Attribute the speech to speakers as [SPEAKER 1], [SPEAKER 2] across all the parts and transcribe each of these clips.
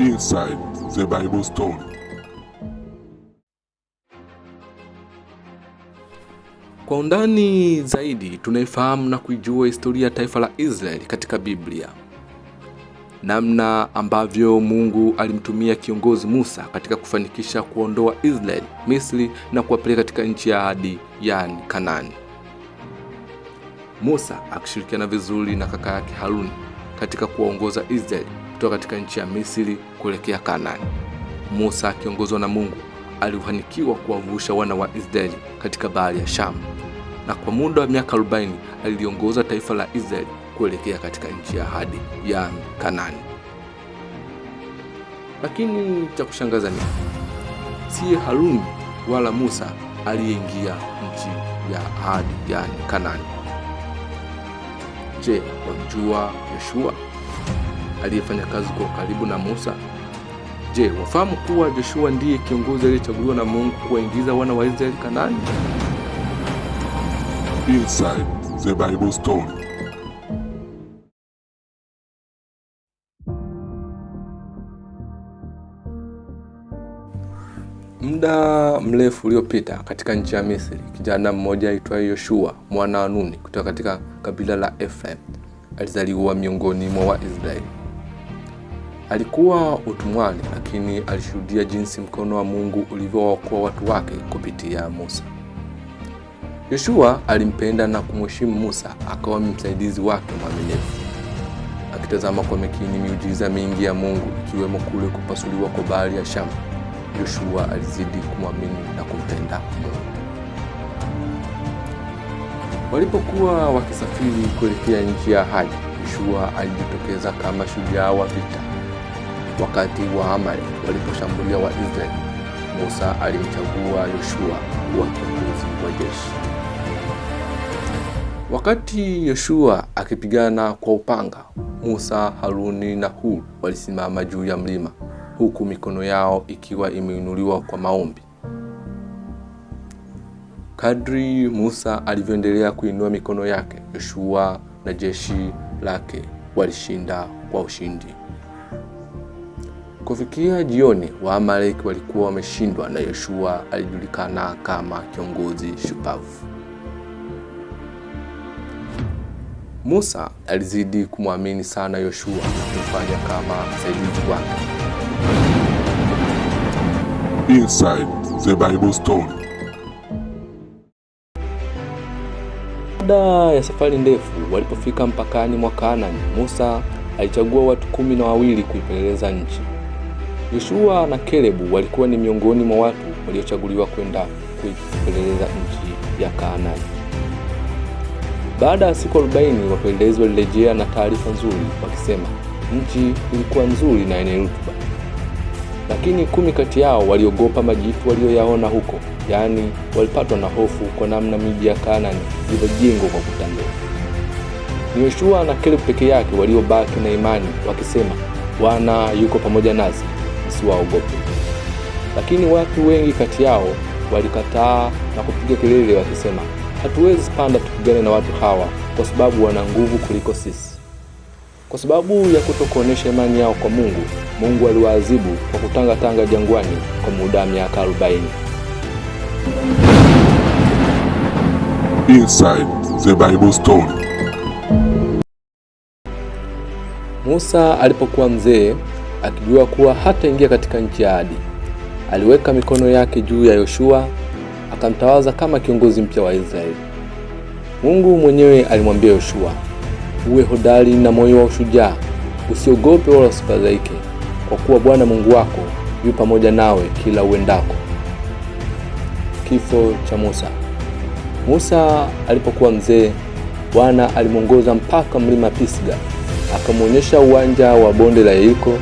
[SPEAKER 1] inside the Bible story.
[SPEAKER 2] Kwa undani zaidi tunaifahamu na kuijua historia ya taifa la Israeli katika Biblia, namna ambavyo Mungu alimtumia kiongozi Musa katika kufanikisha kuondoa Israeli Misri na kuwapeleka katika nchi ya ahadi, yani Kanaani. Musa akishirikiana vizuri na kaka yake Haruni katika kuwaongoza Israeli kutoka katika nchi ya Misri kuelekea Kanaani. Musa akiongozwa na Mungu alifanikiwa kuwavusha wana wa Israeli katika bahari ya Shamu, na kwa muda wa miaka 40 aliliongoza taifa la Israeli kuelekea katika nchi ya ahadi ya yaani Kanaani. Lakini cha kushangaza ni siye Haruni wala Musa aliyeingia nchi ya ahadi yani Kanaani. Je, wamjua Yoshua? aliyefanya kazi kwa karibu na Musa? Je, wafahamu kuwa Joshua ndiye kiongozi aliyechaguliwa na Mungu kuwaingiza wana wa Israeli Kanaani?
[SPEAKER 1] Inside the Bible story.
[SPEAKER 2] Muda mrefu uliopita katika nchi ya Misri, kijana mmoja aitwaye Yoshua mwana wa Nuni kutoka katika kabila la Efraim alizaliwa miongoni mwa Waisraeli. Alikuwa utumwani, lakini alishuhudia jinsi mkono wa Mungu ulivyowaokoa watu wake kupitia Musa. Yoshua alimpenda na kumheshimu Musa, akawa msaidizi wake mwaminifu. Akitazama kwa makini miujiza mingi ya Mungu, ikiwemo kule kupasuliwa kwa bahari ya Shamu, Yoshua alizidi kumwamini na kumpenda Mungu. Walipokuwa wakisafiri kuelekea nchi ya ahadi, Yoshua alijitokeza kama shujaa wa vita. Wakati wa Amali waliposhambulia wa israeli Musa alimchagua Yoshua kuwa kiongozi wa jeshi. Wakati Yoshua akipigana kwa upanga, Musa, Haruni na Hur walisimama juu ya mlima, huku mikono yao ikiwa imeinuliwa kwa maombi. Kadri Musa alivyoendelea kuinua mikono yake, Yoshua na jeshi lake walishinda kwa ushindi. Kufikia jioni, Waamaleki walikuwa wameshindwa na Yoshua alijulikana kama kiongozi shupavu. Musa alizidi kumwamini
[SPEAKER 1] sana Yoshua na kumfanya kama msaidizi wake. Inside the Bible Story.
[SPEAKER 2] Baada ya safari ndefu, walipofika mpakani mwa Kanaani, Musa alichagua watu kumi na wawili kuipeleleza nchi. Yoshua na Kalebu walikuwa ni miongoni mwa watu waliochaguliwa kwenda kuipeleleza nchi ya Kanaani. Baada ya siku arobaini, wapelelezi walirejea na taarifa nzuri wakisema nchi ilikuwa nzuri na yenye rutuba, lakini kumi kati yao waliogopa majitu walioyaona huko, yaani walipatwa na hofu kwa namna miji ya Kanaani ilivyojengwa kwa kuta ndefu. Ni Yoshua na Kalebu peke yake waliobaki na imani, wakisema Bwana yuko pamoja nasi usiwaogope. Lakini watu wengi kati yao walikataa na kupiga kelele wakisema, hatuwezi panda tupigane na watu hawa kwa sababu wana nguvu kuliko sisi. Kwa sababu ya kutokuonesha imani yao kwa Mungu, Mungu aliwaadhibu kwa kutangatanga jangwani
[SPEAKER 1] kwa muda wa miaka arobaini. Inside the Bible Story.
[SPEAKER 2] Musa alipokuwa mzee akijua kuwa hataingia katika nchi ya ahadi. Aliweka mikono yake juu ya Yoshua akamtawaza kama kiongozi mpya wa Israeli. Mungu mwenyewe alimwambia Yoshua, uwe hodari na moyo wa ushujaa, usiogope wala usifadhaike, kwa kuwa Bwana Mungu wako yu pamoja nawe kila uendako. Kifo cha Musa. Musa alipokuwa mzee, Bwana alimwongoza mpaka mlima Pisga, akamwonyesha uwanja wa bonde la Yeriko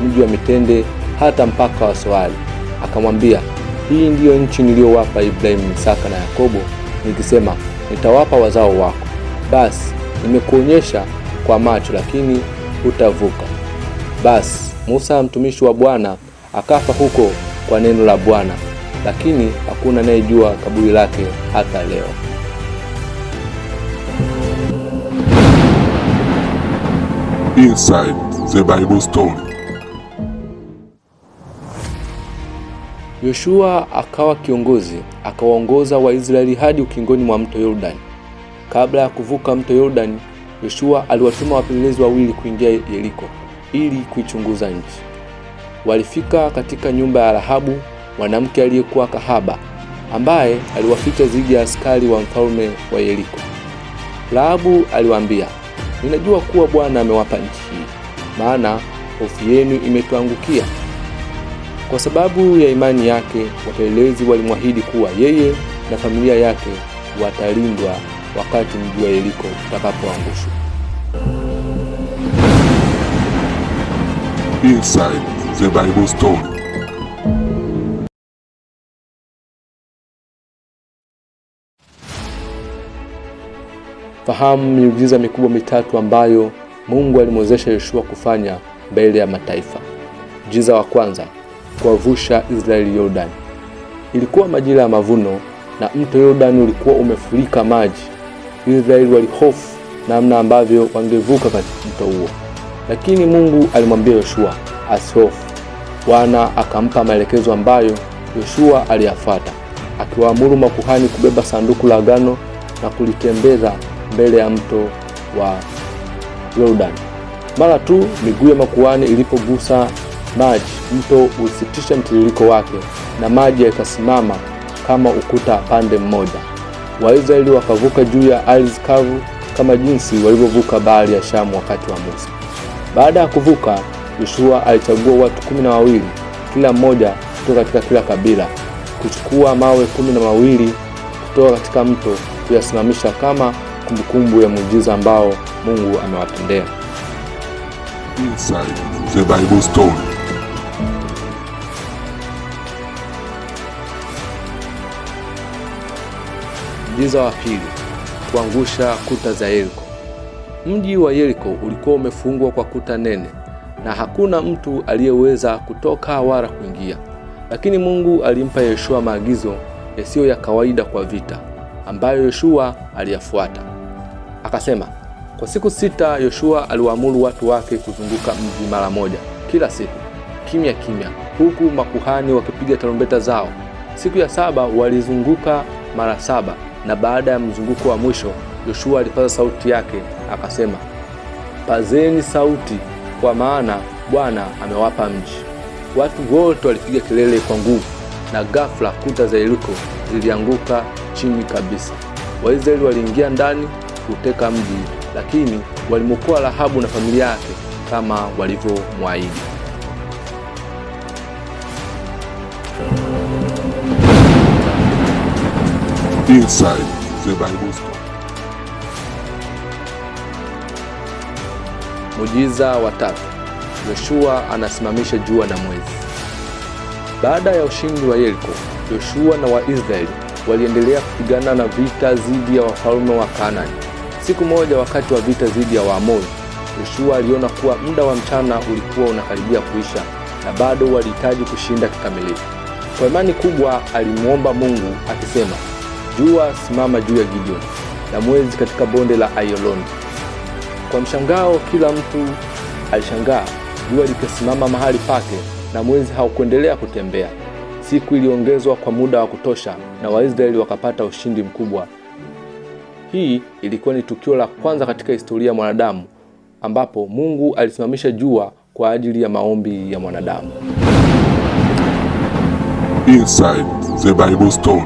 [SPEAKER 2] mji wa mitende hata mpaka wa Soali. Akamwambia, hii ndiyo nchi niliyowapa Ibrahimu, Isaka na Yakobo nikisema nitawapa wazao wako. Basi nimekuonyesha kwa macho, lakini hutavuka. Basi Musa mtumishi wa Bwana akafa huko kwa neno la Bwana, lakini hakuna anayejua kaburi lake hata leo.
[SPEAKER 1] Inside the Bible Story.
[SPEAKER 2] Yoshua akawa kiongozi, akawaongoza Waisraeli hadi ukingoni mwa mto Yordani. Kabla ya kuvuka mto Yordani, Yoshua aliwatuma wapelelezi wawili kuingia Yeriko ili kuichunguza nchi. Walifika katika nyumba ya Rahabu, mwanamke aliyekuwa kahaba, ambaye aliwaficha dhidi ya askari wa mfalme wa Yeriko. Rahabu aliwaambia, ninajua kuwa Bwana amewapa nchi hii, maana hofu yenu imetuangukia kwa sababu ya imani yake, wapelelezi walimwahidi kuwa yeye na familia yake watalindwa wakati mji wa Yeriko utakapoangushwa.
[SPEAKER 1] Inside the Bible story.
[SPEAKER 2] Fahamu miujiza mikubwa mitatu ambayo Mungu alimwezesha Yoshua kufanya mbele ya mataifa. jiza wa kwanza kuwavusha Israeli Yordani. Ilikuwa majira ya mavuno na mto Yordani ulikuwa umefurika maji. Israeli walihofu namna ambavyo wangevuka katika mto huo, lakini Mungu alimwambia Yoshua asihofu. Bwana akampa maelekezo ambayo Yoshua aliyafata akiwaamuru makuhani kubeba sanduku la agano na kulitembeza mbele ya mto wa Yordani. Mara tu miguu ya makuhani ilipogusa maji, mto usitishe mtiririko wake, na maji yakasimama kama ukuta pande mmoja. Waisraeli wakavuka juu ya ardhi kavu kama jinsi walivyovuka bahari ya Shamu wakati wa Musa. Baada ya kuvuka, Yoshua alichagua watu kumi na wawili, kila mmoja kutoka katika kila kabila, kuchukua mawe kumi na mawili kutoka katika mto kuyasimamisha kama kumbukumbu ya muujiza ambao Mungu amewatendea.
[SPEAKER 1] Inside the Bible Story. Muujiza
[SPEAKER 2] wa pili: kuangusha kuta za Yeriko. Mji wa Yeriko ulikuwa umefungwa kwa kuta nene na hakuna mtu aliyeweza kutoka wala kuingia, lakini Mungu alimpa Yoshua maagizo yasiyo ya kawaida kwa vita ambayo Yoshua aliyafuata. Akasema, kwa siku sita Yoshua aliwaamuru watu wake kuzunguka mji mara moja kila siku, kimya kimya, huku makuhani wakipiga tarumbeta zao. Siku ya saba walizunguka mara saba na baada ya mzunguko wa mwisho Yoshua alipaza sauti yake akasema, pazeni sauti, kwa maana Bwana amewapa mji. Watu wote walipiga kelele kwa nguvu, na ghafla kuta za Yeriko zilianguka chini kabisa. Waisraeli waliingia ndani kuteka mji, lakini walimokoa Rahabu na familia yake kama walivyomwahidi.
[SPEAKER 1] inside the Bible store.
[SPEAKER 2] Mujiza wa tatu, Yoshua anasimamisha jua na mwezi. Baada ya ushindi wa Yeriko, Yoshua na Waisraeli waliendelea kupigana na vita dhidi ya wafalme wa Kanaani. Siku moja wakati wa vita dhidi ya Waamori, Yoshua aliona kuwa muda wa mchana ulikuwa unakaribia kuisha na bado walihitaji kushinda kikamilifu. Kwa imani kubwa alimwomba Mungu akisema, Jua simama juu ya Gideoni na mwezi katika bonde la Ayaloni. Kwa mshangao, kila mtu alishangaa. Jua likasimama mahali pake na mwezi haukuendelea kutembea. Siku iliongezwa kwa muda wa kutosha, na Waisraeli wakapata ushindi mkubwa. Hii ilikuwa ni tukio la kwanza katika historia ya mwanadamu ambapo Mungu alisimamisha jua kwa ajili ya maombi ya mwanadamu.
[SPEAKER 1] Inside the Bible Story.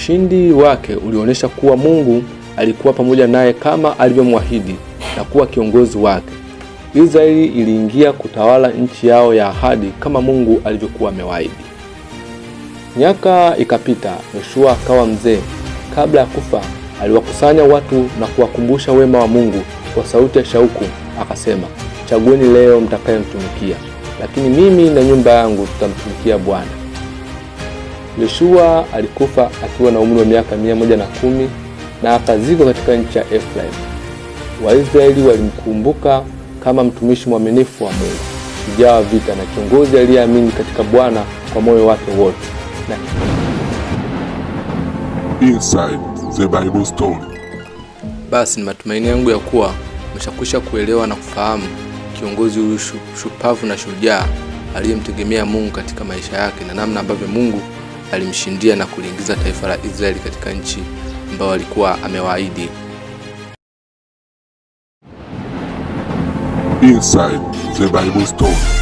[SPEAKER 2] Ushindi wake ulionyesha kuwa Mungu alikuwa pamoja naye kama alivyomwahidi na kuwa kiongozi wake. Israeli iliingia kutawala nchi yao ya ahadi kama Mungu alivyokuwa amewaahidi. Miaka ikapita, Yoshua akawa mzee. Kabla ya kufa, aliwakusanya watu na kuwakumbusha wema wa Mungu kwa sauti ya shauku, akasema, chagueni leo mtakayemtumikia, lakini mimi na nyumba yangu tutamtumikia Bwana. Yoshua alikufa akiwa na umri wa miaka mia moja na kumi na akazikwa katika nchi ya Efraimu. Waisraeli walimkumbuka kama mtumishi mwaminifu wa Mungu, shujaa wa vita na kiongozi aliyeamini katika Bwana kwa moyo wake wote. Na Inside the Bible Story, basi ni matumaini yangu ya kuwa umeshakwisha kuelewa na kufahamu kiongozi huyu shupavu na shujaa aliyemtegemea Mungu katika maisha yake na namna ambavyo Mungu alimshindia na kuliingiza taifa la Israeli katika nchi ambayo alikuwa amewaahidi.
[SPEAKER 1] Inside the Bible Story.